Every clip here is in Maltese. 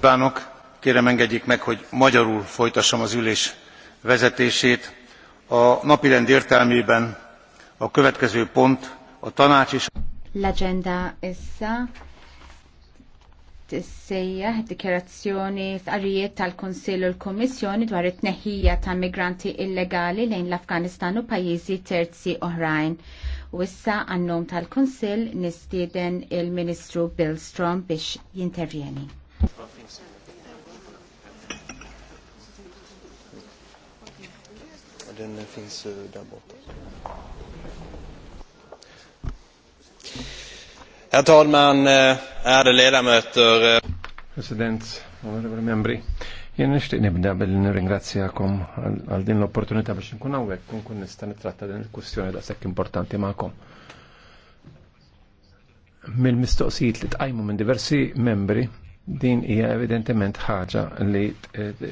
Kívánok! Kérem engedjék meg, hogy magyarul folytassam az ülés vezetését. A napirend értelmében a következő pont a tanács és... L-agenda issa tissejjaħ dikjerazzjoni f'qarrijiet tal-Kunsill u l-Kummissjoni dwar it-tneħħija ta' migranti illegali lejn l-Afganistan u pajjiżi terzi oħrajn. U issa għannom tal-Kunsill nistieden il-Ministru Bill Strom, biex jintervjeni. Den finns där borta. Herr talman, äh, ärade ledamöter. Äh, President, onorevoli membri. Jien nixtieq nibda billi nirringrazzjakom għal din l-opportunità biex nkun hawnhekk kun nkun nista' nittratta din il-kwistjoni daqshekk importanti magħkom. Mill-mistoqsijiet li tqajmu minn diversi membri Din hija evidentement ħaġa li eh,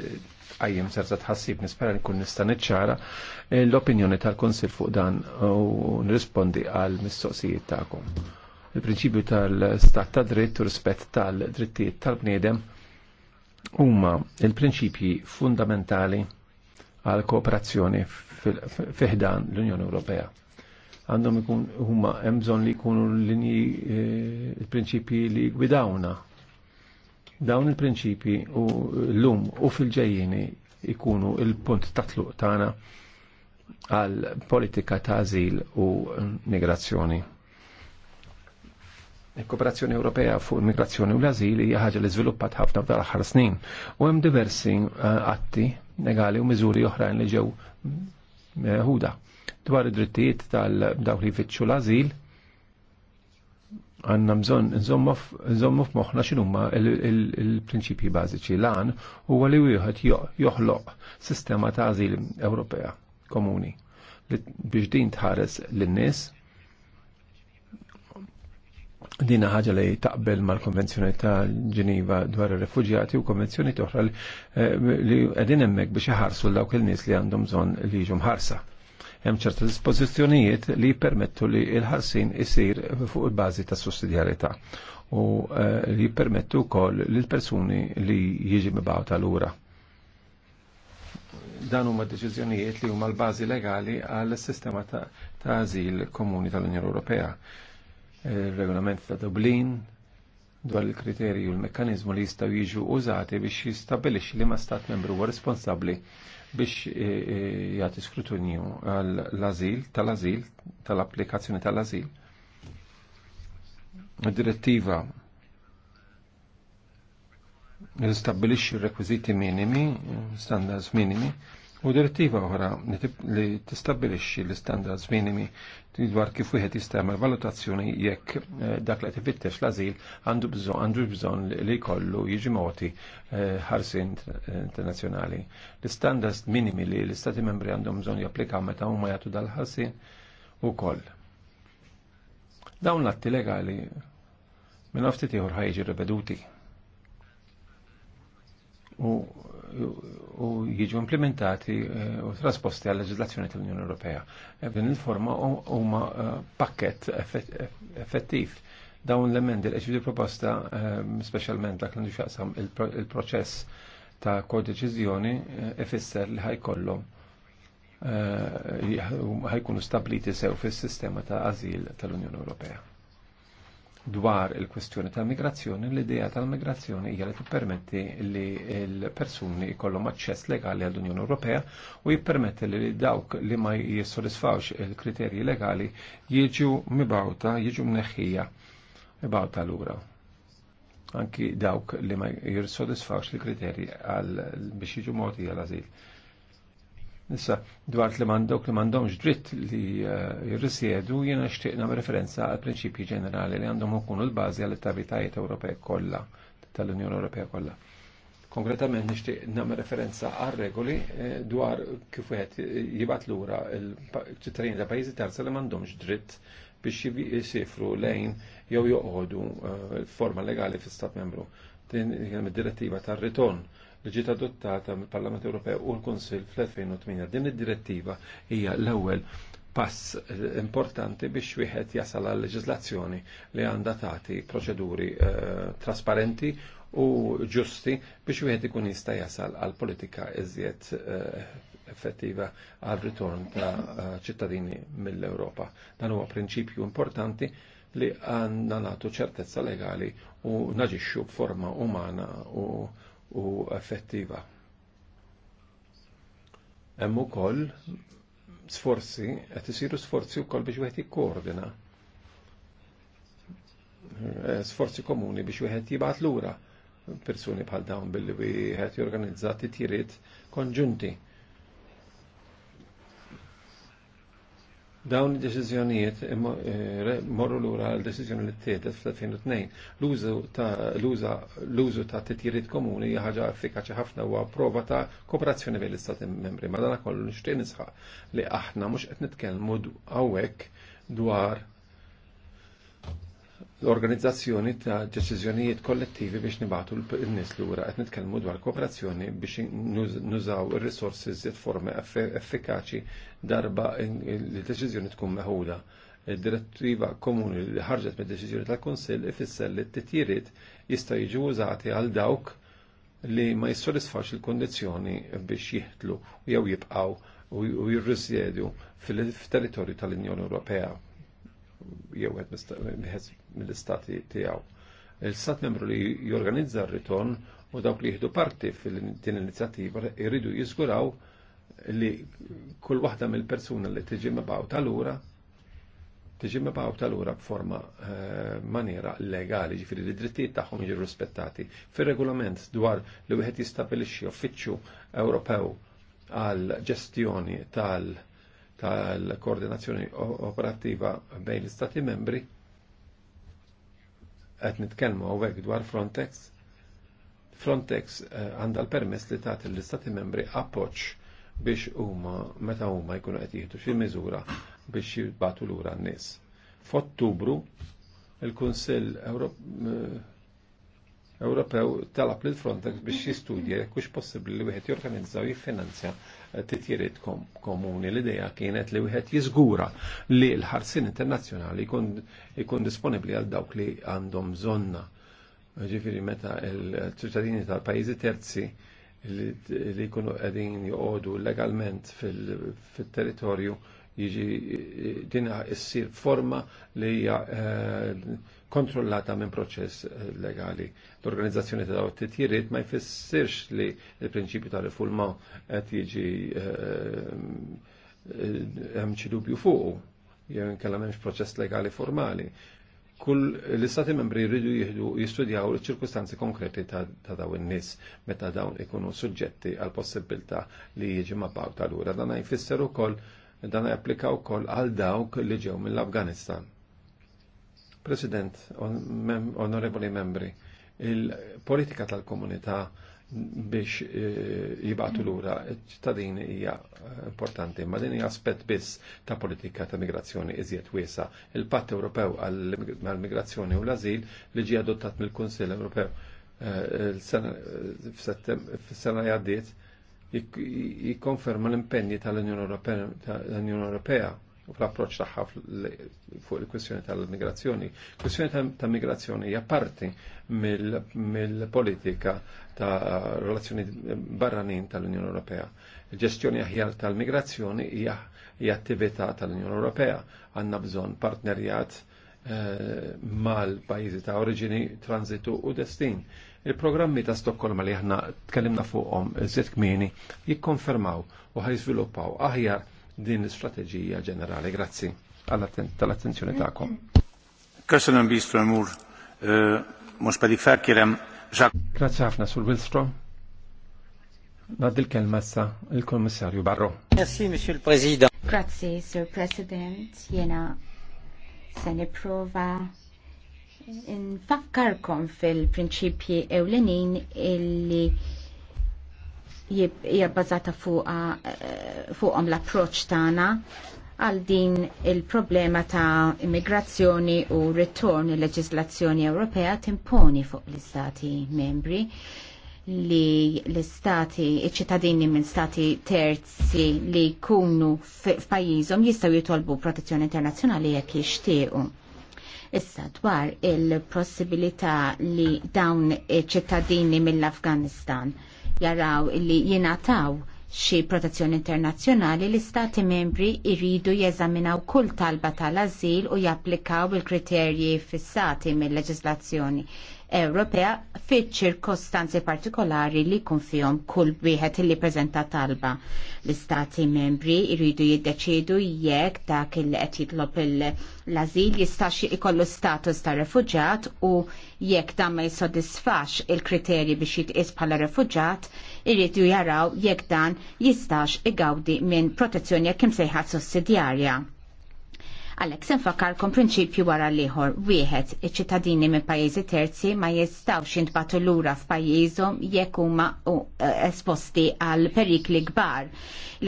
għajjem serza tħassib nispera li kun nista' niċċara eh, l-opinjoni tal-Konsil fuq dan u nrispondi għal mistoqsijiet tagħkom. Il-prinċipju tal-stat ta' dritt u rispett tal-drittijiet tal-bniedem huma il-prinċipji fundamentali għal kooperazzjoni fiħdan l-Unjoni Ewropea. Għandhom ikun huma hemm bżonn li jkunu l-linji eh, il-prinċipji li gwidawna Dawn il-prinċipi u l-lum u fil-ġejjini ikunu il-punt tatluq tagħna għal politika ta' azil u migrazzjoni. Il-Kooperazzjoni Ewropea fuq il-migrazzjoni u l-azil hija ħaġa li żviluppat ħafna f'dar aħħar snin u hemm diversi eh, atti legali u miżuri oħrajn li ġew eh, ħuda dwar id-drittijiet tal-dawk li jfittxu l-azil għanna mżon nżommu f'moħħna x'inhuma il-prinċipji bażiċi lan huwa li wieħed joħloq sistema ta' ażil Ewropea komuni biex din tħares lin-nies dina ħaġa li taqbel mal-konvenzjoni ta' Ġeniva dwar ir-refuġjati u konvenzjoni oħra eh, li qegħdin hemmhekk biex iħarsu l dawk il-nies li għandhom bżonn li jiġu mħarsa hemm ċerta dispożizzjonijiet li jippermettu li l-ħarsin isir fuq il-bażi ta' sussidjarità u eh, li jippermettu wkoll lill persuni li jiġi tal-ura. Dan huma deċiżjonijiet li huma l-bażi legali għall-sistema ta' ażil komuni tal-Unjoni Ewropea. Il-regolament ta' Dublin, dwar il-kriterju u l-mekkanizmu li jistgħu jiġu użati biex jistabilixi li ma stat membru huwa responsabbli biex e, e, jagħti skrutinju l-azil tal-azil tal-applikazzjoni tal-azil. Direttiva stabbilixxi r-rekwiżiti minimi, standards minimi, U direttiva oħra li tistabilixxi l-istandards minimi dwar kif wieħed jista' jagħmel valutazzjoni jekk eh, dak li qed ifittex l-ażil għandu bżonn għandu bżonn li jkollu jiġi moti eh, ħarsin eh, internazzjonali. L-istandards minimi li l-Istati membri għandhom bżonn japplikaw meta huma jagħtu dal-ħarsin ukoll. Dawn l-atti legali minn ftit ieħor ħajġi reveduti. U u jiġu implementati eh, u trasposti għal leġislazzjoni tal-Unjoni Ewropea. E din il-forma huma eh, pakket effettiv dawn l-emendi li ġiġi proposta eh, specialment dak li xaqsam il-proċess ta' kodeċizjoni ifisser li ħajkollhom ħajkunu stabiliti sew fis-sistema ta' azil tal-Unjoni Ewropea dwar il-kwestjoni tal-migrazzjoni, l-idea tal-migrazzjoni hija li tippermetti li l-persuni jkollhom aċċess legali għall-Unjoni Ewropea u jippermetti li dawk li ma jissodisfawx il-kriterji legali jiġu mibawta, jiġu mneħħija mibawta lura. Anki dawk li ma jissodisfawx il-kriterji biex jiġu moti għal-azil Issa, dwar li mandok li mandomx dritt li eh, jirrisiedu, jena xtiqna referenza għal prinċipji ġenerali li għandhom ukunu l-bazi għal tabitajiet Ewropej kollha tal-Unjoni Ewropej kollha. Konkretament nixtieq nagħmel referenza għal regoli eh, dwar kif wieħed jibgħat lura l-ċittadini ta' pajjiżi terza li m'għandhomx dritt biex jisifru lejn jew joqogħdu eh, forma legali fl-Stat membru. Din kien id-direttiva tar-ritorn li ġiet adottata mill-Parlament Ewropew u l-Kunsill fl-2008. Din id-direttiva hija l-ewwel pass eh, importanti biex wieħed jasal għal leġislazzjoni li għandha tagħti proċeduri eh, trasparenti u ġusti biex wieħed ikun jista' jasal għal politika iżjed eh, effettiva għal ritorn ta' ċittadini mill-Ewropa. Dan huwa prinċipju importanti li għandna nagħtu ċertezza legali u naġixxu b'forma umana u u effettiva. Hemm ukoll sforzi, qed isiru sforzi wkoll biex wieħed jikkoordina. Eh, sforzi komuni biex wieħed jibgħat lura persuni bħal dawn billi wieħed jorganizza titjiriet konġunti Dawn id-deċiżjonijiet eh, morru lura l-deċiżjoni li t tetet fl-2002. L-użu ta' titjiriet komuni hija ħaġa effikaċi ħafna huwa prova ta' kooperazzjoni bejn l-Istati membri. Ma dan kollu nixtieq nisħa li aħna mhux qed nitkellmu hawnhekk dwar l-organizzazzjoni ta' deċiżjonijiet kollettivi biex nibatu l-nis lura qed nitkellmu dwar kooperazzjoni biex nużaw ir-risorsi żied forma effikaċi darba li deċiżjoni tkun meħuda. Id-direttiva komuni li ħarġet mid-deċiżjoni tal-Kunsill ifisser li t-titjiriet jista' jiġu użati għal dawk li ma jissodisfax il-kondizjoni biex jihtlu jew jibqaw u jirrisjedu fil-territorju tal-Unjoni Ewropea jew qed mill-istati tiegħu. Il-stat membru li jorganizza r-ritorn u dawk li jihdu parti fil-din inizjattiva jridu jizguraw li kull waħda mill-persuna li tiġi mabaw tal-ura tiġi mabaw tal-ura b'forma eh, maniera legali, ġifiri li drittijiet tagħhom jiġu rispettati. Fir-regolament dwar li wieħed jistabilixxi uffiċċju Ewropew għal ġestjoni tal- tal-koordinazzjoni operattiva bejn l-Stati membri qed nitkellmu għawek dwar Frontex. Frontex eh, għandha l-permess li tagħti l-istati membri appoġġ biex huma meta huma jkunu qed jieħdu xi miżura biex jibbatu lura n-nies. F'Ottubru il-Kunsill eh, Ewropew talab lil Frontex biex jistudja jekk hux possibbli li wieħed jorganizza u jiffinanzja titjirit komuni l-ideja kienet li wieħed jiżgura li l-ħarsin internazzjonali jkun disponibbli għal dawk li għandhom żonna. Ġifieri meta l-ċittadini tal-pajjiżi terzi li jkunu qegħdin joqogħdu legalment fil-territorju fil territorju jiġi eh, dina issir forma li hija eh, kontrollata minn proċess eh, legali. L-organizzazzjoni ta' t-tiriet ma jfissirx li l-prinċipju ta' reforma qed jiġi hemm xi dubju fuqu jew inkella m'hemmx proċess legali formali. Kull l-istati membri jridu jihdu jistudjaw l-ċirkustanzi konkreti ta' daw in-nies meta dawn ikunu suġġetti għal possibilta li jiġi mabbaw tal għura Dan jfisser ukoll koll dan japplika wkoll għal dawk li ġew mill-Afganistan. President, on onorevoli membri, il-politika tal-komunità biex eh, jibgħatu lura ċittadini hija eh, importanti, ma din hija aspett biss ta' politika ta' migrazzjoni iżjed wiesa. Il-Patt Ewropew għall-migrazzjoni u l-azil li ġie adottat mill-Kunsill Ewropew fis-sena eh, jgħaddiet jikkonferma l-impenni tal-Unjoni Ewropea u fl-approċ tagħha fuq il-kwestjoni tal-migrazzjoni. Kwestjoni ta' migrazzjoni hija parti mill-politika ta' relazzjoni barranin tal-Unjoni Ewropea. Il-ġestjoni aħjar tal-migrazzjoni hija attività tal-Unjoni Ewropea. Għandna bżonn partnerjat Eh, mal-pajizi ta' oriġini, transitu u destin. Il-programmi ta' Stokkolma li ħna tkellimna fuqhom iżjed kmini jikkonfermaw u ħajżviluppaw aħjar din l-istrateġija ġenerali. Grazzi tal-attenzjoni tagħkom. Köszönöm, Bistrom mux pa' pedig felkérem Grazie ħafna sul Wilstrom. Nad il-kelma sa il-Kommissarju Barro. Merci, Monsieur president Grazie, Sir President. Jena se niprofa nfakkarkom fil-prinċipji ewlenin illi hija bbażata eh, fuqhom l-approċċ tagħna għal din il-problema ta' immigrazzjoni u ritorn il-leġislazzjoni Ewropea timponi fuq l-istati membri li l-istati, iċ-ċittadini minn stati terzi li jkunu f'pajjiżhom jistgħu jitolbu protezzjoni internazzjonali jekk jixtiequ. Issa dwar il-possibilità li dawn ċittadini mill-Afganistan jaraw li jingħataw xi protezzjoni internazzjonali li stati membri jridu jeżaminaw kull talba tal-azil u japplikaw il-kriterji fissati mill-leġislazzjoni. Ewropea fit ċirkostanzi partikolari li kun fihom kull wieħed li preżenta talba. L-istati membri jridu jiddeċidu jekk dak il qed jitlob l-azil jistax ikollu status ta' refuġat u jekk dan ma jissodisfax il-kriterji biex jitqis bħala refuġat, jridu jaraw jekk dan jistax igawdi minn protezzjoni jekk imsejħa sussidjarja Għalhekk se nfakkarkom prinċipju wara l-ieħor. Wieħed, iċ-ċittadini minn pajjiżi terzi ma jistgħux jintbatu lura f'pajjiżhom jekk huma eh, esposti għal perikli kbar.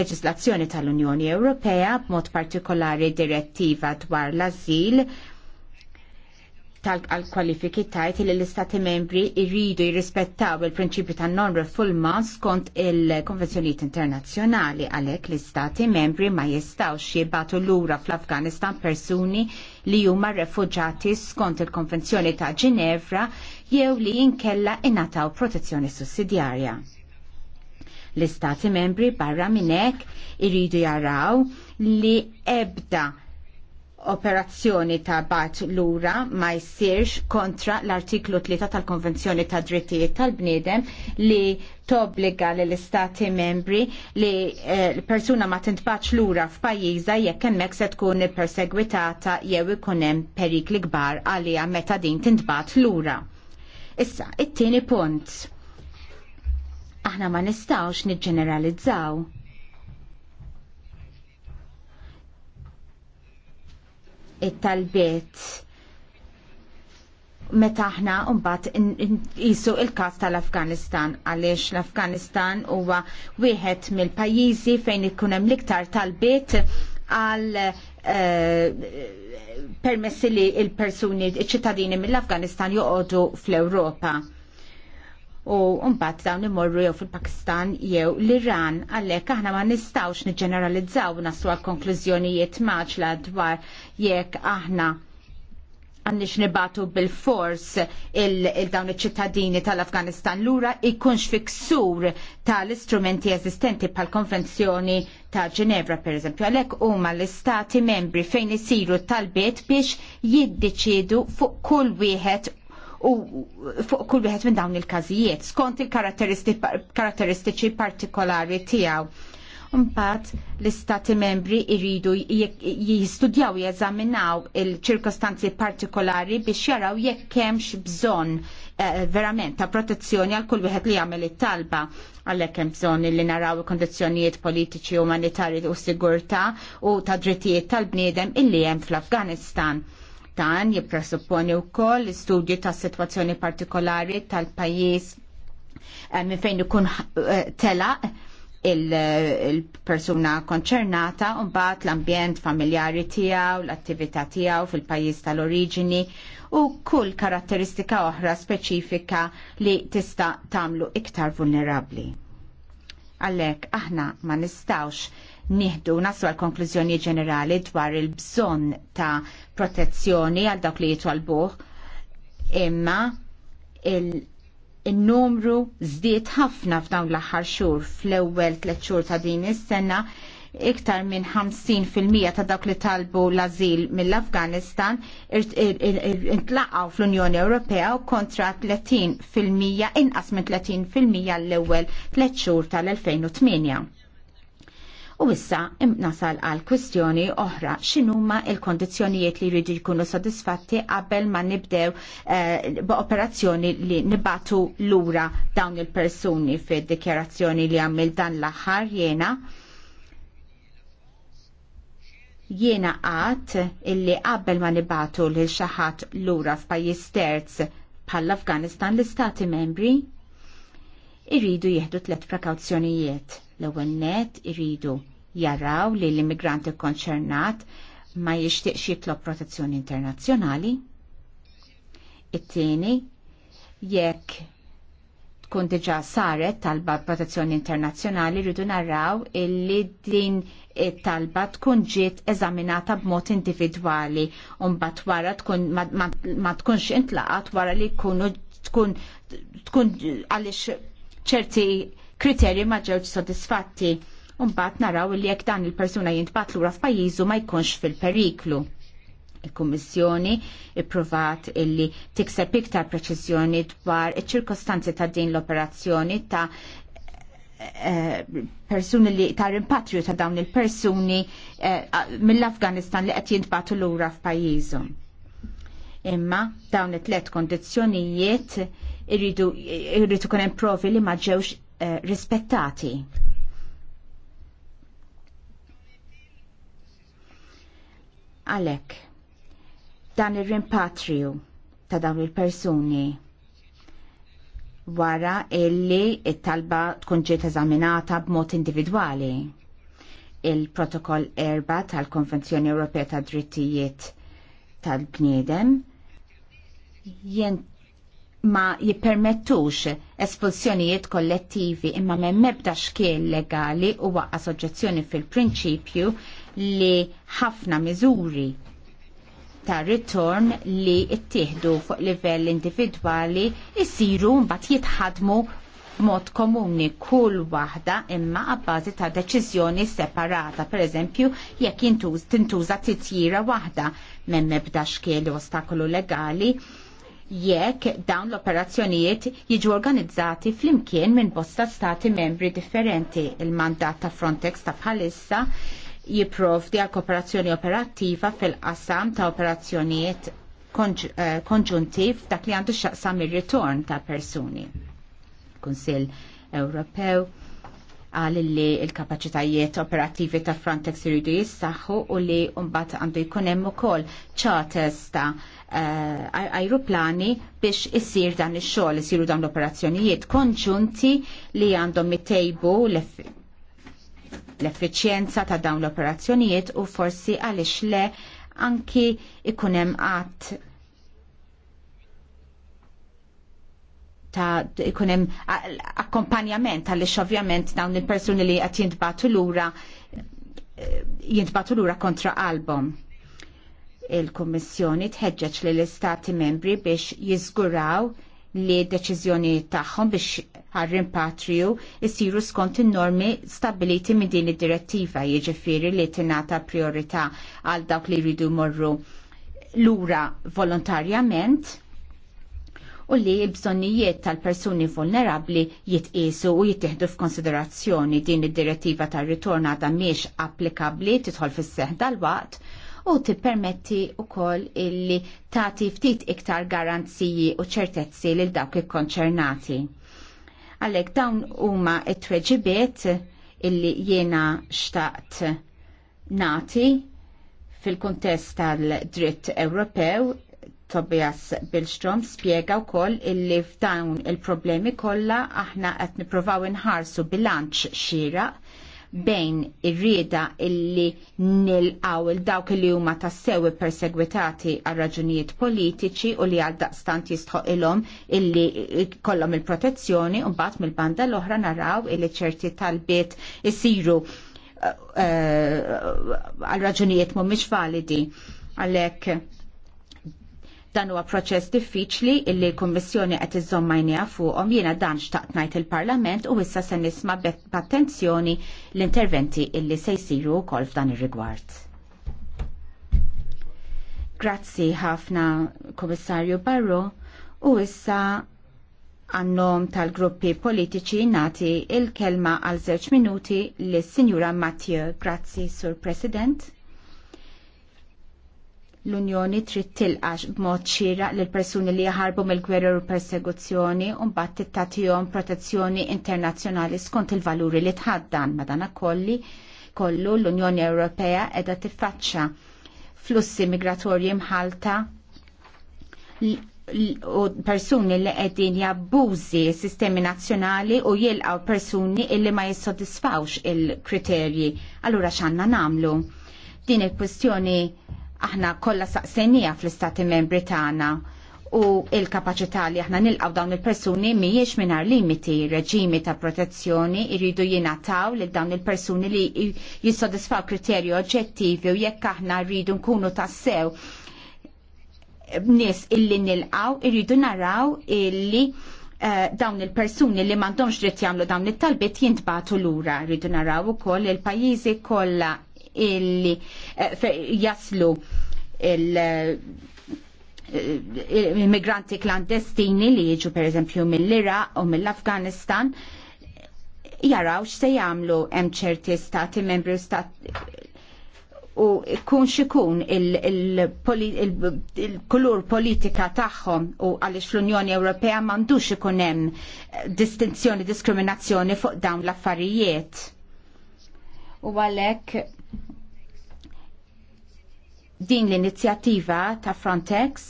Leġislazzjoni tal-Unjoni Ewropea b'mod partikolari direttiva dwar l-azil tal-kwalifiki tajt li l-istati membri irridu jirrispettaw il-prinċipju ta' non-refoulement skont il-konvenzjoniet internazzjonali għalhekk l-istati membri ma jistawx l lura fl-Afganistan persuni li huma refugġati skont il-konvenzjoni ta' Ginevra jew li jinkella inataw protezzjoni sussidjarja. L-istati membri barra minnek irridu jaraw li ebda operazzjoni ta' bat lura ma jsirx kontra l-artiklu 3 tal-Konvenzjoni ta' Drittijiet tal-Bniedem li tobbliga l istati membri li eh, l-persuna ma tintbaċ lura f'pajjiża jekk hemmhekk se tkun perseguitata jew ikun hemm perikli kbar għalija meta din tintbagħat lura. Issa, it-tieni punt. Aħna ma nistgħux niġġeneralizzaw it-talbiet meta aħna mbagħad qisu il-każ tal-Afganistan għaliex l-Afganistan huwa wieħed mill-pajjiżi fejn ikun hemm l-iktar talbiet għal eh, permessi li l-persuni ċittadini mill-Afganistan joqogħdu fl-Ewropa u mbagħad dawn imorru jew fil-Pakistan jew l-Iran għalhekk aħna ma nistgħux niġġeneralizzaw naslu għal konklużjonijiet maċla dwar jekk aħna għandix nibatu bil-fors il-dawn iċ-ċittadini tal-Afganistan lura ikunx fiksur tal-istrumenti eżistenti pal-konvenzjoni ta' Ginevra per eżempju, għalek huma l-istati membri fejn isiru tal-bit biex jiddeċidu fuq kull wieħed u fuq kull wieħed minn dawn il-każijiet skont il-karatteristiċi partikolari tiegħu. Mbagħad l-istati membri jridu jistudjaw jeżaminaw il-ċirkostanzi partikolari biex jaraw jekk hemmx bżonn eh, verament ta' protezzjoni għal kull wieħed li jagħmel it-talba għalhekk hemm bżonn li naraw il-kondizzjonijiet politiċi, umanitarji u sigurtà u ta' drittijiet tal-bniedem illi hemm fl-Afganistan Dan jippresupponi wkoll studju ta' sitwazzjoni partikolari tal-pajjiż eh, minn fejn ikun eh, telaq il-persuna il konċernata un bat l-ambjent familjari tijaw, l-attività tijaw fil-pajis tal-oriġini u kull karatteristika oħra speċifika li tista' tamlu iktar vulnerabli. Għallek, aħna ma nistawx nieħdu naslu għal konklużjoni ġenerali dwar il-bżonn ta' protezzjoni għal dawk li jitwalbuħ, imma il-numru zdiet ħafna f'dawn l-aħħar xhur fl-ewwel tliet xhur ta' din is-sena iktar minn 50% ta' dawk li talbu l-azil mill-Afganistan intlaqaw fl-Unjoni Ewropea u kontra 30% inqas minn 30% l-ewwel tliet xhur tal-2008. U issa nasal għal kwistjoni oħra x'inhuma il-kondizzjonijiet li jridu jkunu sodisfatti qabel ma nibdew eh, b'operazzjoni li nibatu lura dawn il-persuni fid-dikjarazzjoni li għamil dan l-aħħar jiena. Jiena għat illi qabel ma nibatu lil xi ħadd lura f'pajjiż terz bħall-Afganistan l-Istati membri irridu jieħdu tlet prekawzjonijiet. L-ewwel net irridu jaraw li l-immigranti konċernat ma jixtieqx jitlob protezzjoni internazzjonali. It-tieni jekk tkun diġà saret talba protezzjoni internazzjonali rridu narraw illi din talba tkun ġiet eżaminata b'mod individwali u mbagħad wara tkun ma, ma tkunx intlaqat wara li jkunu tkun tkun għaliex ċerti kriterji ma ġewx sodisfatti. Umbat naraw li jekk dan il-persuna jintbat lura f'pajjiżu ma jkunx fil-periklu. Il-Kummissjoni ipprovat illi tikseb iktar preċiżjoni dwar iċ-ċirkostanzi ta' din l-operazzjoni ta' eh, persuni li ta' rimpatriju ta' dawn il-persuni eh, mill-Afganistan li qed jintbatu lura f'pajjiżhom. Imma dawn it-tlet kundizzjonijiet irridu irridu kunem provi li ma ġewx eh, rispettati. Alek, dan ir-rimpatriju ta' dawn il-persuni wara illi it-talba tkun ġiet eżaminata b'mod individwali. Il-protokoll erba tal-Konvenzjoni Ewropea ta' Drittijiet tal-Bniedem jent ma jippermettux espulsjonijiet kollettivi imma me mebda xkiel legali u waqqa soġġezzjoni fil-prinċipju li ħafna miżuri ta' ritorn li ittieħdu fuq livell individwali jisiru mbagħad jitħadmu mod komuni kull waħda imma għabbażi ta' deċiżjoni separata, per eżempju, jekk tintuża titjira waħda minn mebda xkiel ostakolu legali jekk dawn l-operazzjonijiet jiġu organizzati flimkien minn bosta stati membri differenti. Il-mandat ta' Frontex ta' bħalissa jiprovdi għal kooperazzjoni operattiva fil-qasam ta' operazzjonijiet eh, konġuntiv dak li għandu xaqsam ir-ritorn ta' persuni. Kunsil Ewropew għal li l-kapacitajiet operattivi ta' Frontex iridu jissaħħu u li mbagħad għandu jkun hemm ukoll charters ta' eh, ajruplani biex issir dan ix-xogħol isiru dawn l-operazzjonijiet konġunti li għandhom mittejbu l-effiċjenza ta' dawn l-operazzjonijiet u forsi għaliex le anki ikunem hemm qatt ta' ikunem akkompanjament għaliex ovvjament dawn il-persuni li għat jintbatu l-ura eh, jintbatu l-ura kontra album. Il-Kommissjoni tħeġġeġ li l-Istati membri biex jizguraw li deċiżjoni tagħhom biex għarrimpatriju jisiru skont in-normi stabiliti minn din id-direttiva jiġifieri li tingħata priorità għal dawk li jridu morru lura volontarjament u li bżonnijiet tal-persuni vulnerabli jitqisu u jittieħdu f'konsiderazzjoni din id-direttiva tar-ritorn għadha mhix applikabbli tidħol fis-seħ dal-waqt u tippermetti wkoll illi tagħti ftit iktar garanziji u ċertezzi lil dawk ikkonċernati. Għalhekk dawn huma t-tweġibiet illi jiena xtaqt nati fil-kontest tal-dritt Ewropew Tobias Bilstrom spiega wkoll illi f'dawn il-problemi kollha aħna qed nippruvaw inħarsu bilanċ xira bejn ir-rieda illi nilqaw il dawk li huma tassewi persegwitati għal raġunijiet politiċi u li għal daqstant jistħoq ilhom illi kollhom il-protezzjoni u mbagħad mill-banda l-oħra naraw illi ċerti talbiet isiru eh, eh, għal raġunijiet mhumiex validi għalhekk Dan huwa proċess diffiċli illi l-Kummissjoni qed iżommajnija fuqhom jiena dan xtaqt ngħid il-Parlament u issa se nisma' b'attenzjoni l-interventi illi se jsiru wkoll f'dan ir-rigward. Grazzi ħafna Kummissarju Barro u issa għannom tal-gruppi politiċi nati il-kelma għal żewġ minuti l-Sinjura Mathieu. Grazzi, Sur President l-Unjoni trid tilqax b'mod xira lil persuni li jaħarbu mill gwerra u persekuzzjoni u mbagħad tittatihom protezzjoni internazzjonali skont il-valuri li tħaddan madanakolli kollu l-Unjoni Ewropea qiegħda tiffaċċa flussi migratorji mħalta u persuni li qegħdin jabbużi sistemi nazzjonali u jilqgħu persuni illi ma jissodisfawx il-kriterji. Allura x'għandna nagħmlu? Din il-kwestjoni Aħna kollha saqsenija fl-Istati Membri tagħna u il-kapacità li aħna nilqaw dawn il-persuni mhijiex mingħajr limiti reġimi ta' protezzjoni jridu jingħataw lil dawn il-persuni li jissodisfaw kriterju oġġettivi u jekk aħna rridu nkunu tassew nies illi nilqaw irridu naraw illi eh, dawn il-persuni li mandomx dritt jagħmlu dawn it-talbiet jintbatu lura. Rridu naraw ukoll il-pajjiżi kollha illi eh, jaslu il eh, eh, immigranti klandestini li jiġu per eżempju mill-Iraq u mill-Afganistan jaraw x'se jagħmlu hemm ċerti stati membri stat u kun xikun il-kulur politika tagħhom u għaliex l-Unjoni Ewropea m'għandux ikun hemm distinzjoni, diskriminazzjoni fuq dawn l-affarijiet. U għalhekk din l-inizjattiva ta' Frontex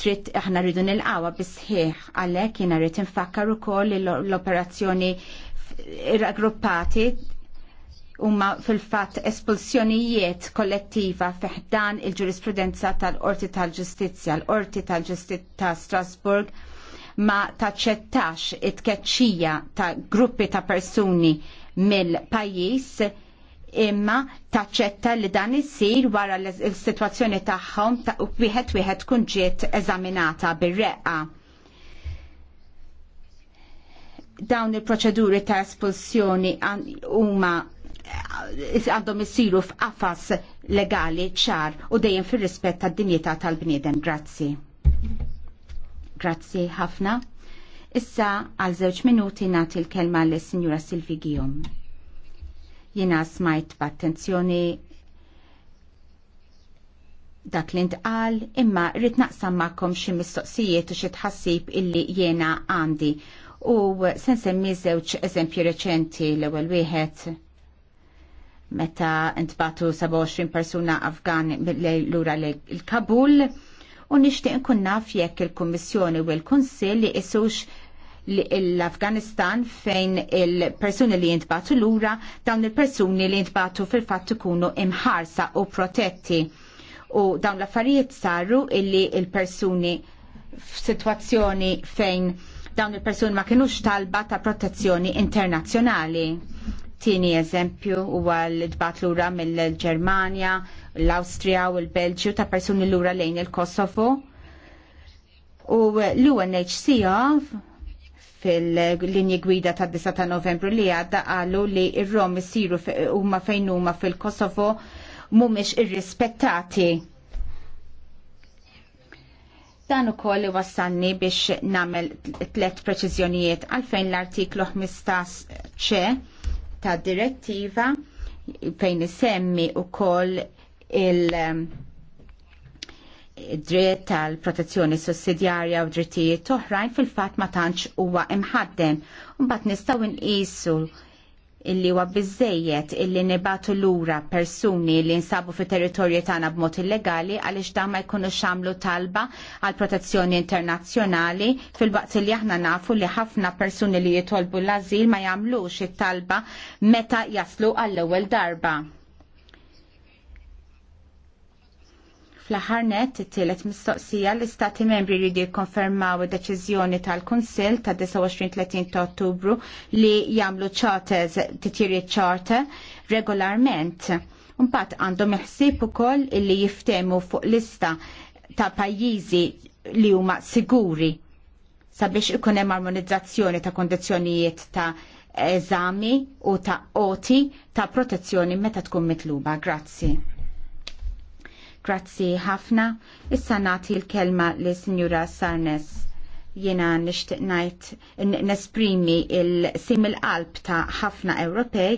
trid aħna rridu nilqawa bisħieħ għalhekk jiena rrid infakkar ukoll l-operazzjoni raggruppati huma fil-fatt espulsjonijiet kollettiva fiħdan il-ġurisprudenza tal-Qorti tal-Ġustizzja, l-Qorti tal-Ġustizzja ta' Strasburg ma taċċettax it-tkeċċija ta' gruppi ta' persuni mill-pajjiż imma taċċetta li dan issir wara l-sitwazzjoni tagħhom ta' wieħed wieħed tkun ġiet eżaminata bir-reqqa. Dawn il-proċeduri ta' espulsjoni huma għandhom isiru f'qafas legali ċar u dejjem fir-rispett tad-dinjità tal-bniedem. Grazzi. Grazzi ħafna. Issa għal żewġ minuti nagħti l-kelma lis-Sinjura Silvi Gijom. Jina smajt b'attenzjoni dak li ntqal imma rrid naqsam magħkom xi mistoqsijiet u xi tħassib illi jiena għandi. U se semmi żewġ eżempji reċenti l-ewwel wieħed meta ntbatu 27 persuna Afgan lura l-Kabul u nixtieq nkun naf jekk il-Kummissjoni u l-Kunsill isux l-Afganistan fejn il-persuni li jintbatu lura dawn il-persuni li jintbatu fil-fatt ikunu imħarsa u protetti. U dawn l-affarijiet saru illi il-persuni f'sitwazzjoni fejn dawn il-persuni ma kienux talba ta' protezzjoni internazzjonali. Tieni eżempju huwa l-dbat lura mill-Ġermanja, l-Awstrija u l-Belġju ta' persuni lura lejn il-Kosovo. U l-UNHCR fil-linji gwida ta' 9 ta' novembru li għadda għallu li il rom jisiru huma fejn huma fil-Kosovo mhumiex irrispettati. Dan ukoll wassanni biex namel tlet preċiżjonijiet għalfejn l-artiklu 15 ċe ta' direttiva fejn isemmi koll il- dritt tal-protezzjoni sussidjarja u drittijiet oħrajn fil-fatt ma tantx huwa imħaddem. Mbagħad nistgħu nqisu illi huwa biżejjed illi nibatu lura persuni li nsabu fit territorju tagħna b'mod illegali għaliex dan ma jkunux għamlu talba għal protezzjoni internazzjonali fil-waqt li aħna nafu li ħafna persuni li jitolbu l-azil ma jagħmlux it-talba meta jaslu għall-ewwel darba Fl-aħħar net, it-tielet mistoqsija l-Istati membri jridu jikkonfermaw id-deċiżjoni tal-Kunsill ta' 29-30 ta' Ottubru li jagħmlu charters titjiri charter regolarment. Mbagħad għandhom iħsieb ukoll illi jiftemu fuq lista ta' pajjiżi li huma siguri sabiex ikun hemm armonizzazzjoni ta' kondizzjonijiet ta' eżami u ta' oti ta' protezzjoni meta tkun mitluba. Grazzi. Grazzi ħafna. Issa nagħti l-kelma li Sinjura Sarnes. Jiena nixtieq ngħid nesprimi il-sim il-qalb ta' ħafna Ewropej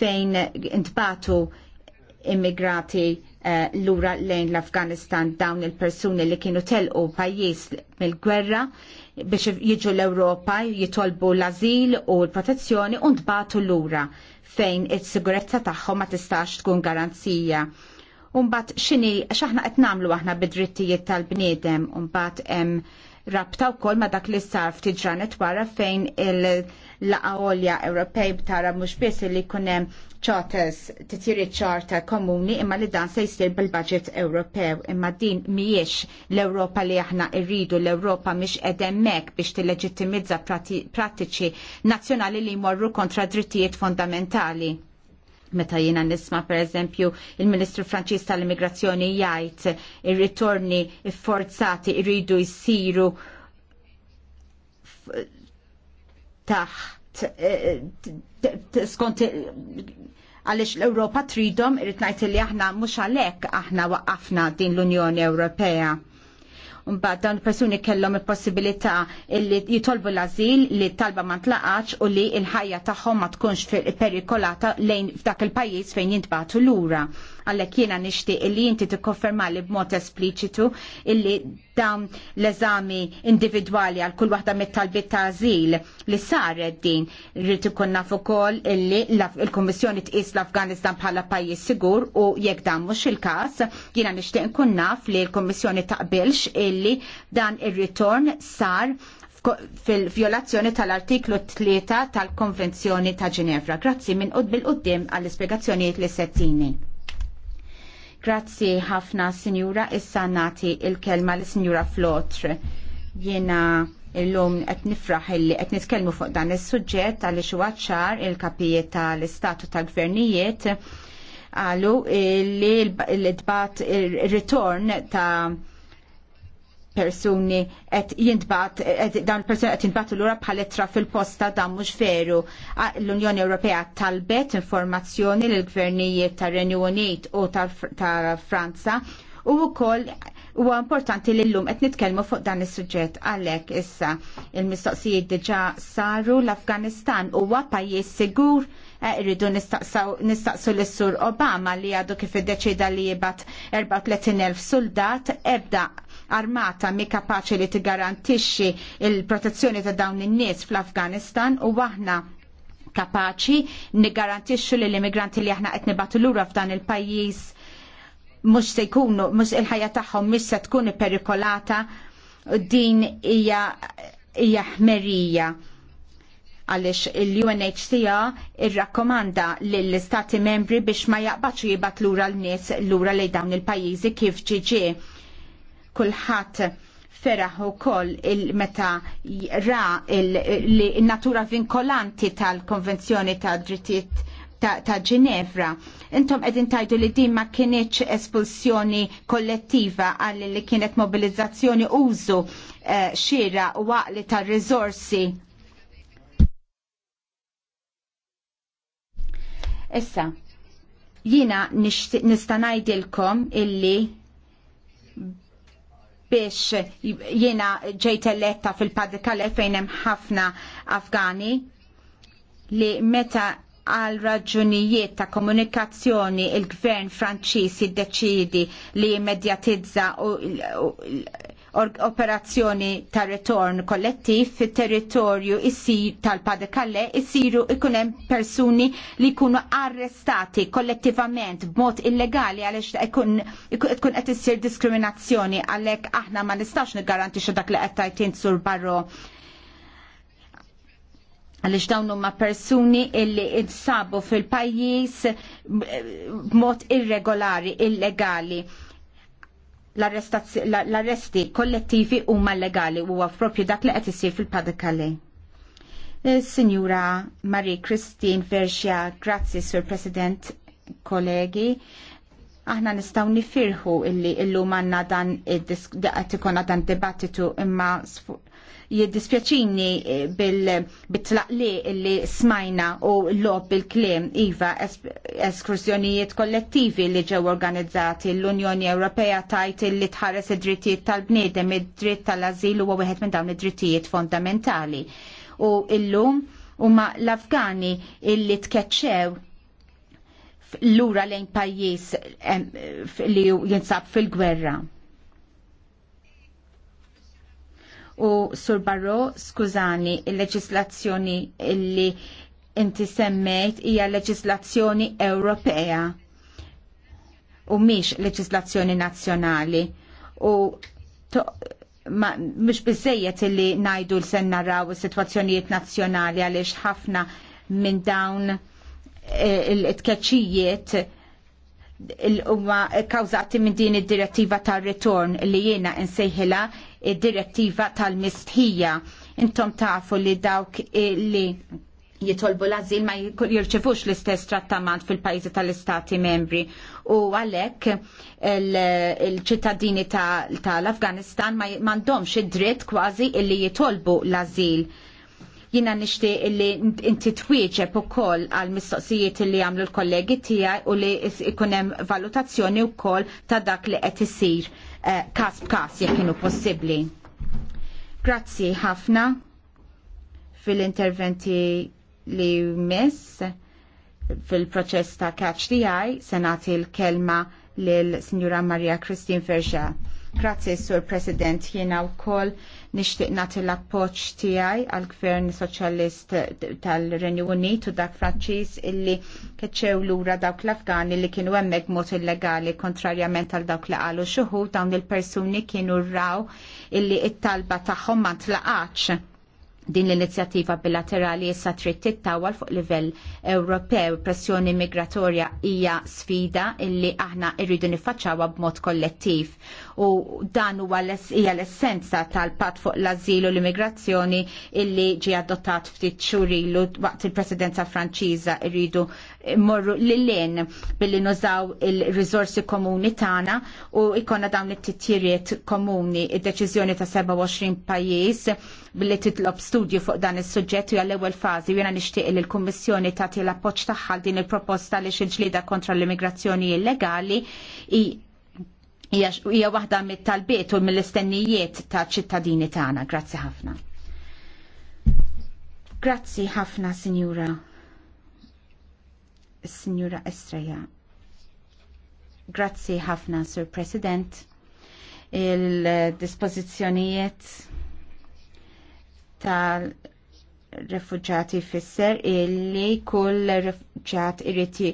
fejn intbatu immigrati eh, lura lejn l-Afganistan dawn il-persuni li kienu telqu pajjiż mill-gwerra biex jiġu l-Europa jitolbu l-azil u l-protezzjoni u ntbatu l-ura fejn il-sigurezza tagħhom ma tistax tkun garanzija. Umbat xini, xaħna qed namlu aħna bidrittijiet tal-bniedem, umbat em rabta wkoll ma dak li sar tiġranet ġranet wara fejn il-laqgħolja Ewropej btara mhux biss li jkun hemm charters titjiri ċarta komuni imma li dan se jsir bil-budget Ewropew imma din mhijiex l-Ewropa li aħna rridu l-Ewropa mhix edemmek biex biex tilleġittimizza prattiċi nazzjonali li jmorru kontra drittijiet fondamentali meta jiena nisma per eżempju il-Ministru Franċiż tal-Immigrazzjoni jgħid ir-ritorni forzati jridu jsiru taħt eh, skont għalix l-Europa tridom irrit najt li aħna mux għalek aħna waqqafna din l-Unjoni Ewropea Mbagħad dawn persuni kellhom il-possibilità li jitolbu l-azil li talba ma tlaqax u li l-ħajja tagħhom ma tkunx perikolata lejn f'dak il-pajjiż fejn jintbagħtu lura għallek jiena nixtieq illi inti tikkonferma li b'mod espliċitu illi dawn l-eżami individwali għal kull waħda mit-talbiet ta' azil li saret din rrid ikun naf ukoll illi l-Kummissjoni tqis l-Afganistan bħala pajjiż sigur u jekk dan mhux il-każ jiena nixtieq nkun naf li l-Kummissjoni taqbilx illi dan ir-ritorn sar fil-violazzjoni tal-artiklu 3 tal-Konvenzjoni ta' Ginevra. Grazzi minn qud bil-qoddim għall-ispiegazzjonijiet li settini. Grazzi ħafna Sinjura issa nati il-kelma l sinjura Flotr. Jena l-lum qed nifraħ illi qed nitkellmu fuq dan is-suġġett għaliex huwa ċar il-kapijiet tal-istatu tal-gvernijiet għalu li l-dbat ir-ritorn ta' persuni qed jintbat dawn il-persuni qed jintbatu lura bħalitra fil-posta dan mhux veru. L-Unjoni Ewropea talbet informazzjoni lill gvernijiet tar-Renju Unit u tal-Franza u wkoll huwa importanti li llum qed nitkellmu fuq dan is-suġġett għalhekk issa il-mistoqsijiet diġà saru l-Afganistan huwa pajjiż sigur e, irridu nistaqsu lis sur Obama li għadu kif id-deċida li jibgħat 34,000 soldat ebda armata mi kapaċi li t-garantixi il-protezzjoni ta' dawn in-nies fl-Afganistan u aħna kapaċi nigarantixxu li l-immigranti li aħna qed nibatu lura f'dan il-pajjiż mhux se jkunu, mhux il-ħajja tagħhom mhux se tkun perikolata din hija hija ħmerija għalix il-UNHCR irrakkomanda lill-istati membri biex ma jaqbaċu jibat lura l-nies lura lejn dawn il-pajjiżi kif ġiġi kulħadd feraħ u koll il-meta ra il-natura vinkolanti tal-konvenzjoni ta' drittijiet ta' Ginevra. Intom edin tajdu li din ma kienieċ espulsjoni kollettiva għall li kienet mobilizzazzjoni użu eh, xira u għaqli ta' rizorsi. Issa, jina nista illi biex jiena ġejt eletta fil padri l fejn hemm ħafna Afgani li meta għal raġunijiet ta' komunikazzjoni il-gvern Franċiż jiddeċiedi li jimmedjatizza u, u, operazzjoni ta' ritorn kollettiv fit territorju issir tal-Padekalle issiru ikunem persuni li jkunu arrestati kollettivament b'mod illegali għaliex ikun qed issir diskriminazzjoni għalhekk aħna ma nistax niggarantixxu dak li qed tajtin sur barro għalix dawn huma persuni illi insabu fil-pajjiż b'mod irregolari, illegali l-arresti kollettivi huma legali u propju dak li qed isir fil-Padikale. Eh, Signora Marie Christine Verxia, grazie Sur President, kollegi. Aħna nistaw nifirħu illi illu manna dan id dibattitu imma jiddispjaċini eh, bil-tlaqli li smajna u l-lob bil-klim iva eskursjonijiet kollettivi li ġew organizzati l-Unjoni Ewropea tajt li tħares id-drittijiet tal-bniedem id-dritt tal-azil u wieħed minn dawn id-drittijiet fondamentali. U illum huma l-Afgani illi tkeċċew lura lejn pajjiż li jinsab fil-gwerra u Sur Barro, skużani, il-leġislazzjoni illi inti semmejt hija leġislazzjoni Ewropea u miex leġislazzjoni nazzjonali u ma mhux biżejjed illi ngħidu l sen naraw is-sitwazzjonijiet nazzjonali għaliex ħafna minn dawn eh, il-tkeċijiet il-umma kawżati minn din id-direttiva tar-ritorn li jiena nsejħilha id-direttiva tal-mistħija. Intom tafu li dawk li jitolbu l-azil ma jirċevux l-istess trattament fil-pajzi tal-istati membri u għalek il-ċittadini tal-Afganistan ma mandomx id-dritt kważi illi jitolbu l-azil Jina nishti illi inti twieġeb ukoll għal mistoqsijiet li għamlu l-kollegi tiegħi u li ikunem valutazzjoni wkoll ta' dak li qed isir eh, kas b'kas jekk kienu possibbli. Grazzi ħafna fil-interventi li miss fil-proċess ta' catch the eye senati l-kelma l signora Maria Christine Verja. Grazie, Sur President, jena u kol nixtieq nagħti l-appoġġ tiegħi għall-Gvern Soċjalist tal-Renju Unit u dak Franċiż illi keċċew lura dawk l-Afgani li kienu hemmhekk mod illegali kontrarjament għal dawk li qalu xuħu dawn il-persuni kienu rraw illi it-talba tagħhom ma tlaqatx din l-inizjattiva bilaterali issa trid tittawal fuq livell Ewropew pressjoni migratorja hija sfida illi aħna rridu niffaċċawha b'mod kollettiv u dan huwa hija l-essenza tal-patt fuq l azilu u l-immigrazzjoni illi ġie adottat ftit xurilu waqt il-presidenza Franċiża irridu morru l lin billi nużaw il rizorsi komuni tagħna u jkollna dawn it-titjiriet komuni id-deċiżjoni ta' 27 pajjiż billi titlob studju fuq dan is-suġġett u għall-ewwel fażi jiena nixtieq li l-Kummissjoni tagħti l-appoġġ tagħha din il-proposta li xi ġlieda kontra l-immigrazzjoni illegali hija waħda mit-talbiet u mill-istennijiet ta' ċittadini tagħna. Grazzi ħafna. Grazzi ħafna, Sinjura. Sinjura Estreja. Grazzi ħafna, Sur President. il dispozizjonijiet tal refugġati fisser illi kull refugġat irriti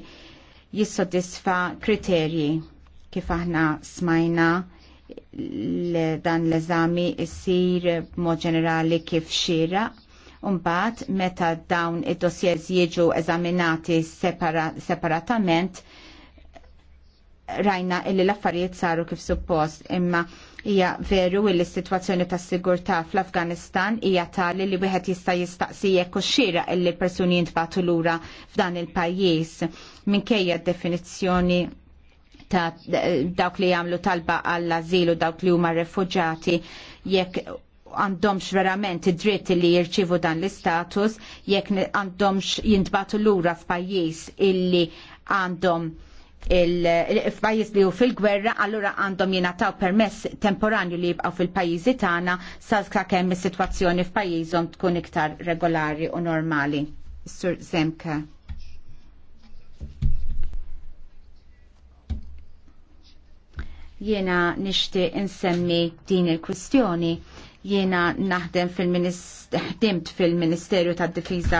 jissodisfa kriterji Kif aħna smajna dan l-eżami jisir b'mod ġenerali kif xira. Umbat, meta dawn id-dossiers jiġu eżaminati separa separatament, rajna illi l-affarijiet saru kif suppost imma hija veru illi s-sitwazzjoni ta' sigurtà fl-Afganistan hija tali li wieħed jista' jistaqsi jekk xira illi persuni jintbatu lura f'dan il-pajjiż minkejja d-definizzjoni ta' dawk li jagħmlu talba għall-azilu dawk li huma refuġati jekk għandhomx verament id-dritt li jirċivu dan l-istatus jekk għandhomx jintbatu lura f'pajjiż illi għandhom il-pajis li hu fil-gwerra, allura għandhom jingħataw permess temporanju li jibqaw fil-pajjiżi tagħna sazka kemm is-sitwazzjoni f'pajjiżhom tkun iktar regolari u normali. Sur Zemke. Jiena nixtieq insemmi din il-kwistjoni. Jiena naħdem fil minist fil-Ministerju tad-Difiża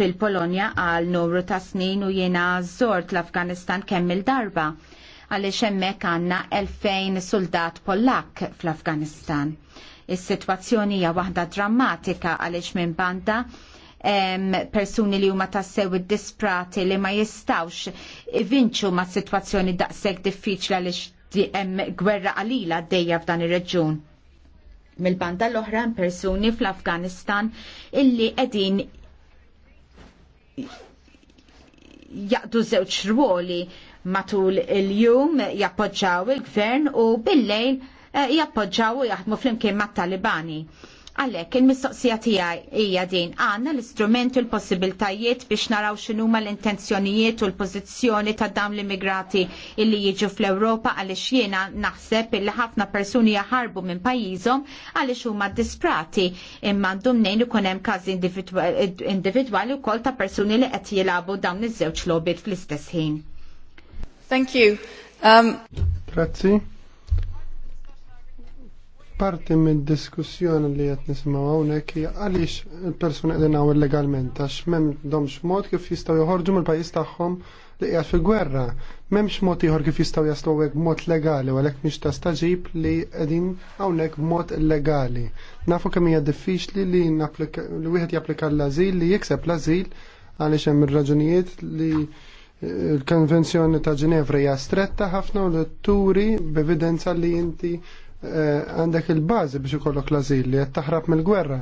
fil-Polonja għal numru ta' snin u jiena żort l-Afganistan kemm il-darba għaliex hemmhekk għandna 2000 soldat Pollak fl-Afganistan. Is-sitwazzjoni hija waħda drammatika għaliex minn banda persuni li huma tassew id-disprati li ma jistawx vinċu ma' situazzjoni daqshekk diffiċli għaliex di hemm gwerra qalila għaddejja f'dan ir-reġjun. Mill-banda l-oħra hemm persuni fl-Afganistan illi qegħdin jaqdu żewġ rwoli matul il-jum jappoġġaw il-gvern u bil-lejl eh, jappoġġaw u jaħdmu flimkien mat-Talibani. Għalhekk il-mistoqsija tiegħi hija din għandna l-istrument u l-possibiltajiet biex naraw x'inhuma l-intenzjonijiet u l-pożizzjoni ta' dawn l-immigrati illi jiġu fl-Ewropa għaliex jiena naħseb illi ħafna persuni jaħarbu minn pajjiżhom għaliex huma disprati imma dumnejn u ikun hemm każi individwali wkoll ta' persuni li qed jilagħbu dawn iż-żewġ logħbiet fl-istess ħin. Thank you. Um... Grazzi. Parti mid diskussjoni li qed nisimgħu hawnhekk hija għaliex il-persuni qegħdin hawn illegalment għax m'hemmhomx mod kif jistgħu joħorġu mill-pajjiż tagħhom li qiegħed fil-gwerra. M'hemmx mod ieħor kif jistgħu jaslu hekk b'mod legali u għalhekk mhix tastaġib li qegħdin hawnhekk b'mod illegali. Nafu kemm hija diffiċli li li wieħed japplika l-ażil li jikseb l-ażil għaliex hemm ir-raġunijiet li l-konvenzjoni ta' Ġenevra hija stretta ħafna u l-turi b'evidenza li inti Eh, għandek il-bażi biex ikollok l-azil li qed taħrab mill-gwerra.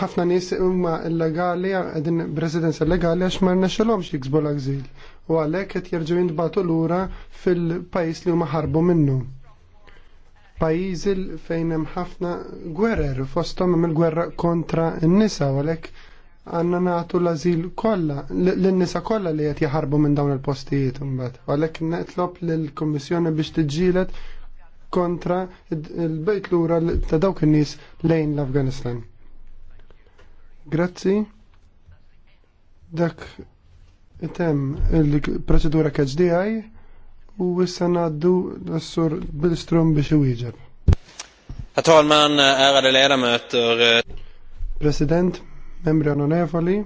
Ħafna nies huma illegali għedin b'residenza legali għax ma rnexxilhomx jiksbu l-azil u għalhekk qed jerġgħu jintbagħtu lura fil-pajjiż li huma ħarbu minnu. Pajjiżi fejn hemm ħafna gwerer fosthom mill il-gwerra kontra n-nisa u għalhekk għanna nagħtu l-azil kollha lin-nisa kollha li qed jaħarbu minn dawn il-postijiet imbagħad. Għalhekk netlop lill-Kummissjoni biex tġilet kontra il bejt l-ura ta' dawk in-nies lejn l-Afganistan. Grazzi. Dak item il-proċedura KHDI u issa ngħaddu l-sur Bilstrom biex iwieġeb. Herr talman, ärade ledamöter. President, membri onorevoli,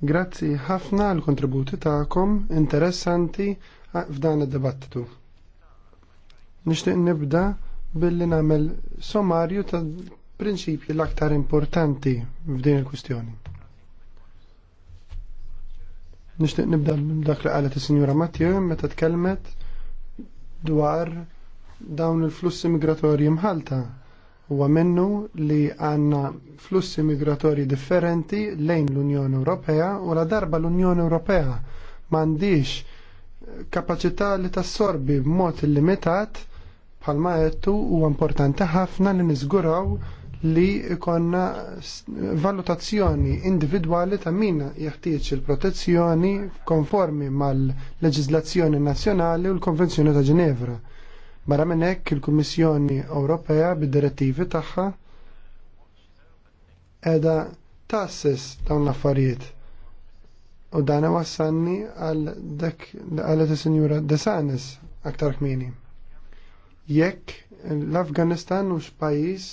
grazzi ħafna għal kontributi tagħkom interessanti f'dan id-dibattitu. Nixtieq nibda billi nagħmel sommarju ta' prinċipji l-aktar importanti f'din il-kwistjoni. Nixtieq nibda dak li qalet is-Sinjura Mattiju meta tkellmet dwar dawn il-flussi migratorji mħalta Huwa minnu li għanna flussi migratorji differenti lejn l-Unjoni Ewropea u la darba l-Unjoni Ewropea m'għandix kapaċità li tassorbi b'mod limitat bħalma għettu u importanti ħafna li niżguraw li konna valutazzjoni individwali ta' min jeħtieġ il-protezzjoni konformi mal-leġizlazzjoni nazzjonali u l-Konvenzjoni ta' Ġenevra. Barra minn hekk il-Kummissjoni Ewropea bid-direttivi tagħha qiegħda tassis dawn l-affarijiet. U dan wassanni għal dak għalet is-Sinjura Desanes aktar kmini. Jekk l-Afganistan hux pajjiż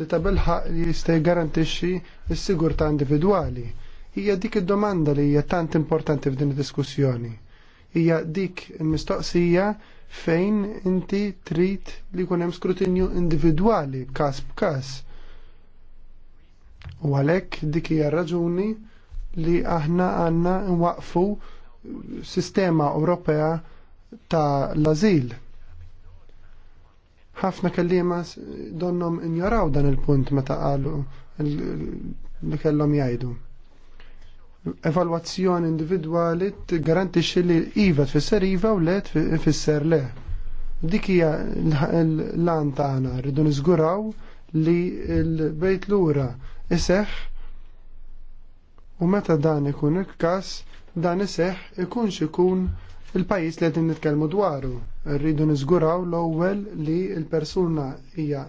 li tabelħaq li jista' jgarantixxi s-sigurtà individwali. Hija dik id-domanda li hija tant importanti f'din id-diskussjoni. Hija dik il-mistoqsija il mistoqsija fejn inti trid li jkun hemm skrutinju individwali każ b'każ. U għalhekk dik hija raġuni li aħna għandna nwaqfu sistema Ewropea ta' l-azil. Ħafna kellima donnom injoraw dan il-punt meta qalu li kellhom jgħidu evalwazzjoni individwali t-garantixi li iva tfisser iva u le tfisser le. Dik hija l-lan tagħna rridu niżguraw li l-bejt l-ura iseħ u meta dan ikun il dan iseħ ikun ikun il-pajjiż li għedin nitkellmu dwaru. Rridu niżguraw l-ewwel li l-persuna hija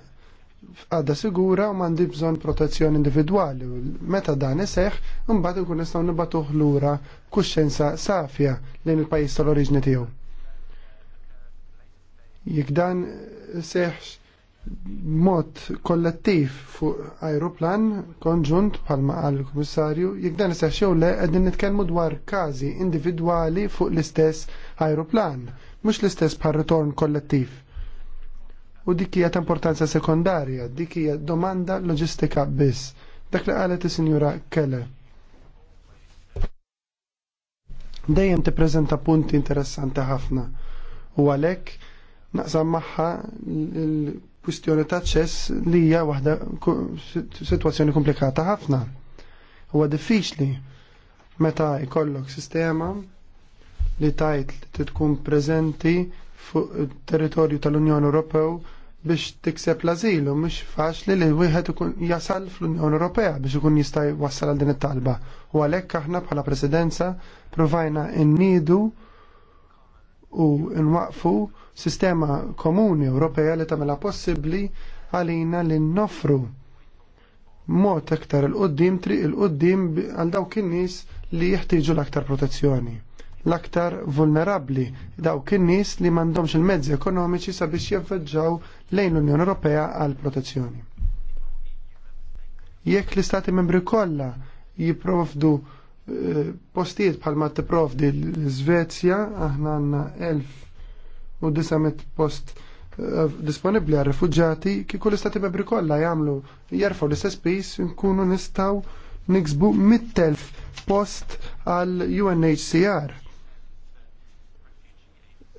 għadda sigura u mandi bżon protezzjoni individuali. Meta dan iseħ, mbagħad nkun nistgħu nibatuh lura kuxċenza safja lejn il-pajjiż tal-oriġni tiegħu. Jekk dan seħx mod kollettiv fuq aeroplan konġunt bħalma għal kummissarju jekk dan iseħx jew le qegħdin nitkellmu dwar każi individwali fuq l-istess aeroplan, mhux l-istess bħal ritorn kollettiv u dik hija ta' importanza sekondarja, dik hija domanda loġistika biss. Dak li qalet is-Sinjura Kelle. Dejjem tippreżenta punti interessanti ħafna u għalhekk naqsam magħha il kwistjoni ta' ċess li hija waħda sitwazzjoni komplikata ħafna. Huwa diffiċli meta jkollok sistema li tajt li tkun preżenti fuq territorju tal-Unjoni Ewropew biex tikseb l-azilu, mux faċli li wieħed ikun jasal fl-Unjoni Ewropea biex ikun jista' jwassal għal din it-talba. U għalhekk aħna bħala Presidenza provajna nnidu u nwaqfu sistema komuni Ewropea li tagħmilha possibbli għalina li noffru mod aktar il-qoddim triq il-qoddim għal dawk in-nies li jeħtieġu l-aktar protezzjoni l-aktar vulnerabli dawk in-nies li m'għandhomx il-mezzi ekonomiċi sabiex jivveġġaw lejn l-Unjoni Ewropea għal protezzjoni. Jekk l-Istati membri kollha jipprovdu eh, postijiet bħalma tipprovdi l-Svezja, aħna għandna 1900 post eh, disponibbli għal rifuġġati kieku l-Istati membri kollha jagħmlu jarfgħu l-istess piece nkunu nistgħu niksbu mit-telf post għal UNHCR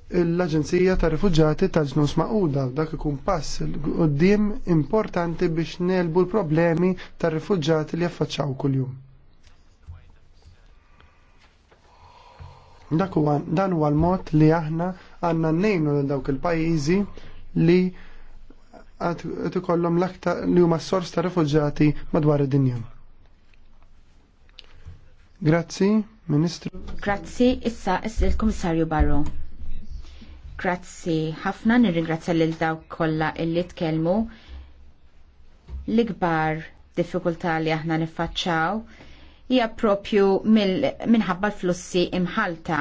l-Aġenzija ta' Rifugġati tal-ġnus Maquda dak ikun pass qudiem importanti biex nelbu l-problemi tar rifugġati li jaffaċċaw kuljum. Dak huwa dan huwa l-mod li aħna għandna nnejnu lil dawk il-pajjiżi li qed ikollhom l-aktar li huma s-sors ta' rifugġati madwar id-dinja. Grazzi, Ministru. Grazzi, issa, issa il-Kummissarju Barro. Grazzi ħafna nirringrazzja lil dawk kollha illi tkellmu. L-ikbar diffikultà li aħna niffaċċaw hija propju minħabba l-flussi imħalta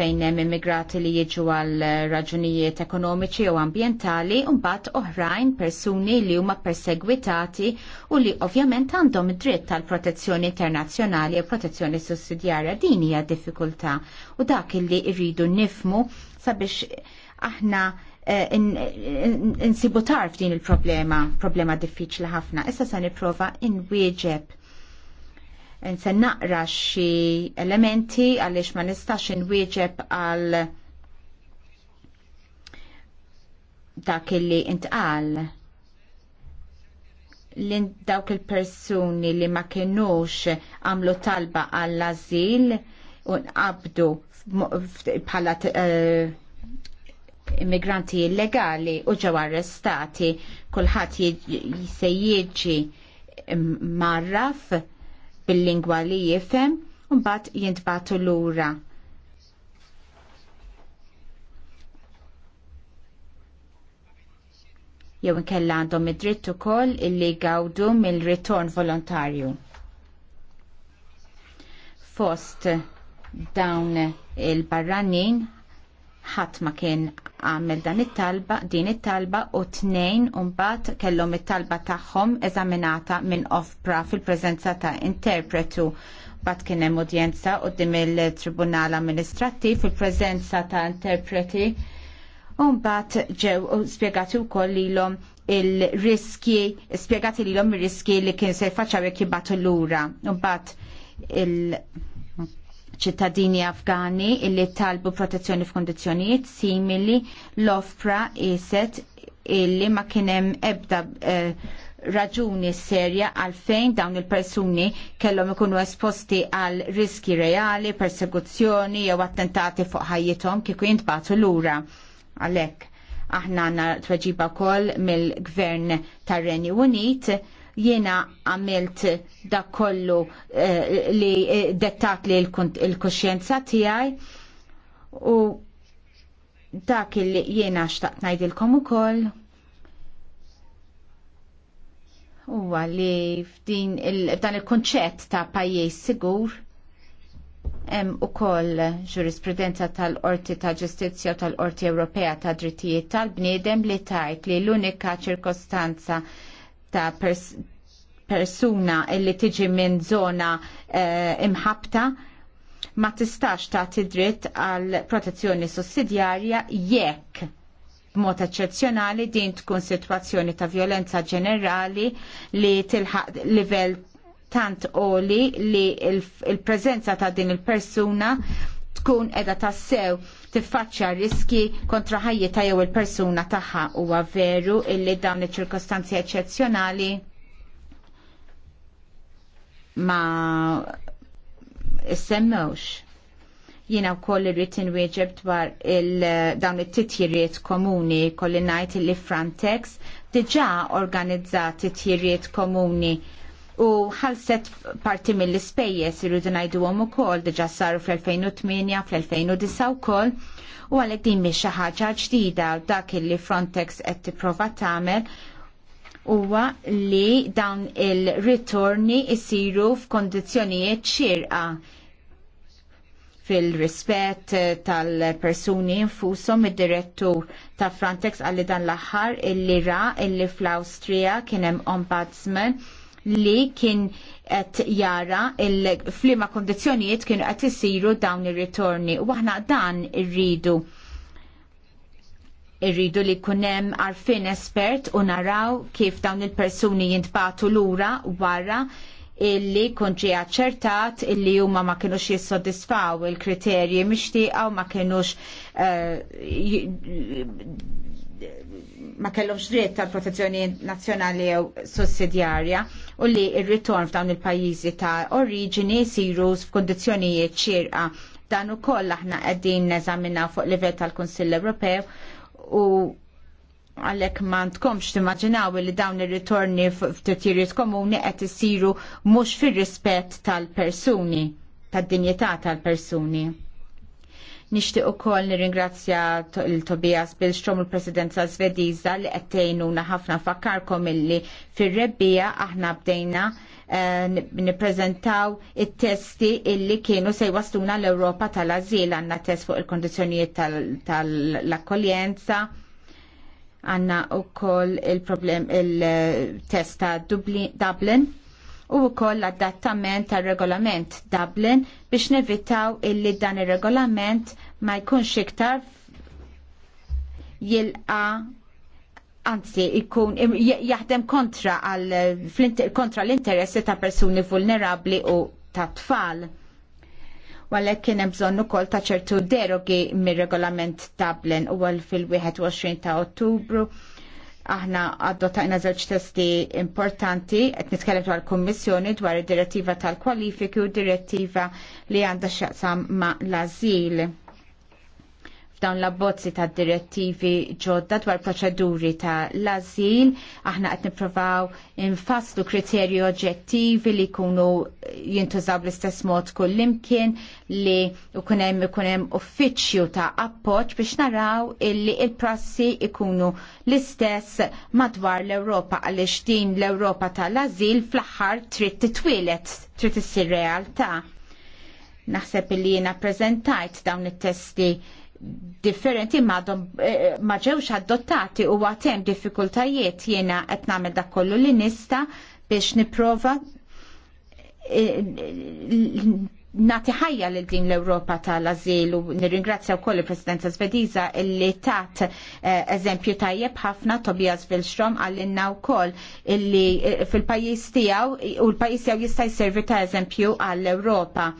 fejn hemm immigrati li jiġu għal raġunijiet ekonomiċi u ambjentali u mbagħad oħrajn persuni li huma persegwitati u li ovvjament għandhom id-dritt tal protezzjoni internazzjonali u protezzjoni sussidjarja din hija diffikultà u dak illi rridu nifmu sabiex aħna eh, insibu tarf din il-problema, problema diffiċli ħafna. Issa se nipprova inwieġeb se naqra xi elementi għaliex ma nistax inwieġeb għal dak illi intqal l dawk il-persuni li ma kienux għamlu talba għall-azil u nqabdu bħala eh, immigranti illegali u ġew arrestati kulħadd se jiġi marraf bil-lingwa li jifhem u mbagħad jintbagħtu lura. jew inkella għandhom id-dritt ukoll illi gawdu mill-ritorn volontarju. Fost dawn il-barranin ħadd ma kien għamel dan it-talba, din it-talba u tnejn umbat kellhom it-talba tagħhom eżaminata minn off-pra fil-preżenza ta' interpretu. Bat kien hemm udjenza qudiem il-Tribunal Amministrattiv fil-preżenza ta' interpreti. u mbagħad ġew spjegati wkoll lilhom il-riski, spjegati lilhom ir-riski li kien se jfaċċaw jekk jibatu lura. mbagħad il-, ċittadini Afgani illi talbu protezzjoni f'kondizjonijiet simili l-ofra iset illi ma kienem ebda eh, raġuni serja għalfejn dawn il-persuni kellhom ikunu esposti għal riski reali, persekuzzjoni jew attentati fuq ħajjithom kieku jintbatu lura. Għalhekk aħna għandna tweġiba wkoll mill-Gvern tar-Renju Unit Jiena għamilt dak kollu eh, li eh, dettat li l-kuxjenza tiegħi u dak li jiena xtaqt ngħidilkom ukoll huwa li għalli il il konċet ta' pajjiż sigur hemm ukoll ġurisprudenza tal-Qorti ta' Ġustizzja tal-Qorti Ewropea ta' Drittijiet tal-Bniedem li tajt li l-unika ċirkostanza ta' pers persuna illi tiġi minn zona uh, imħabta ma tistax tagħti dritt għal protezzjoni sussidjarja jekk b'mod eċċezzjonali din tkun sitwazzjoni ta' violenza ġenerali li tilħaq livell tant oli li il prezenza ta' din il-persuna tkun edha tassew tiffaċċja riski kontra ħajjita jew il-persuna tagħha huwa veru illi dawn iċ-ċirkostanzi eċċezzjonali ma semmewx. Jiena wkoll irrid inwieġeb dwar dawn it-titjiriet komuni kolli ngħid li Frontex diġà organizzat titjiriet komuni u ħalset parti mill-ispejjeż irridu ngħiduhom ukoll diġà saru fl-2008 fl-2009 wkoll u għalhekk din mhix xi ħaġa ġdida dak li Frontex qed tipprova tagħmel huwa li dawn il-ritorni jsiru f'kondizzjonijiet xirqa fil-rispett tal-persuni infushom id-direttur ta' Frontex għalli dan l-aħħar illi ra illi fl-Awstrija kien hemm ombudsman li kien qed jara flima kondizzjonijiet kienu qed isiru dawn ir-ritorni u aħna dan irridu irridu li kunem arfin espert u naraw kif dawn il-persuni jintbatu lura wara illi kunġi ċertat illi huma ma kienux jissodisfaw il-kriterji mixtieqa u ma kienux eh, ma kellhomx dritt tal protezzjoni nazzjonali jew sussidjarja u li r-ritorn f'dawn il-pajjiżi ta' oriġini siru f'kondizzjonijiet ċirqa. Dan ukoll aħna qegħdin neżaminaw fuq livell tal-Kunsill Ewropew u għalhekk ma tkomx timmaġinaw li dawn ir-ritorni f'tirtiriet komuni qed isiru mhux fir-rispett tal-persuni, tad-dinjità tal-persuni. Nixtieq ukoll nirringrazzja l-Tobias Bilstrom l presidenza Svediza li qed tgħinuna ħafna fakkarkom illi fir-rebbija aħna bdejna eh, nippreżentaw it-testi illi kienu se jwastuna l-Ewropa tal-Azil għandna test fuq il kondizjoniet tal-akkoljenza għanna u koll il-problem il-test ta' Dublin u wkoll l-adattament tar-regolament Dublin biex nevitaw illi dan ir-regolament ma jkunx iktar jilqa anzi ikun jaħdem kontra għal kontra l-interessi ta' persuni vulnerabli u ta' tfal. Walek kien hemm bżonn ukoll ta' ċertu derogi mir-regolament Dublin u għal fil-21 ta' Ottubru Aħna adottajna żewġ testi importanti qed nitkellem dwar kummissjoni dwar id-direttiva tal-kwalifiki u d direttiva li għandha x'jaqsam ma' l-azil Dawn l-abbozzi ta' direttivi ġodda dwar proċeduri ta' l-azil, aħna qed nippruvaw infaslu kriterji oġġettivi li jkunu jintużaw bl-istess mod kullimkien li jkun hemm ikun hemm uffiċċju ta' appoġġ biex naraw illi il-prassi ikunu l-istess madwar l-Ewropa għaliex din l-Ewropa tal-azil fl-aħħar trid titwilet trid issir realtà. Naħseb li jiena preżentajt dawn it-testi differenti eh, eh, ma ġewx adottati u għatem diffikultajiet jena qed nagħmel dak kollu li nista biex nipprova eh, nati ħajja lil din l-Ewropa tal-azil u nirringrazzja wkoll il-Presidenza Svediża illi tat eżempju tajjeb ħafna Tobias Vilstrom għallinna wkoll illi fil-pajjiż tiegħu u l-pajjiż tiegħu jista' jservi ta' eżempju għall-Ewropa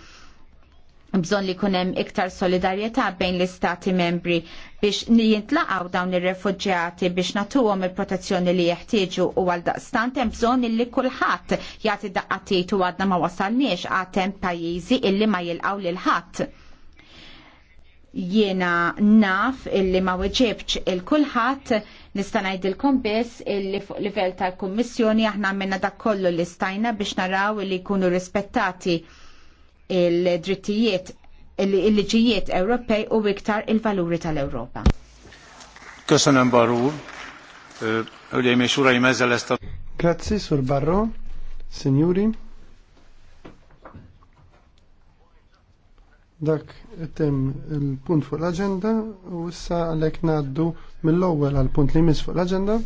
bżon li kunem iktar solidarieta bejn l-istati membri biex jintlaqaw dawn ir-refuġjati biex natuhom il-protezzjoni li jeħtieġu u għal daqstant hemm bżonn illi kulħadd jagħti daqqatit u għadna ma wasalniex għad hemm pajjiżi illi ma jilqgħu lil ħadd. Jiena naf illi ma weġibċ il-kulħadd nista' ngħidilkom biss illi fuq livell tal-Kummissjoni aħna għamilna dak kollu li stajna biex naraw li jkunu rispettati il-drittijiet il-liġijiet Ewropej u iktar il-valuri tal-Ewropa. Köszönöm, Baró. Hölgyeim és uraim, ezzel ezt a... Grazie, Sur Barro. Signori. Dak etem il-punt fuq l-agenda u issa għalek naddu mill-ewwel għal-punt li mis fuq l-agenda.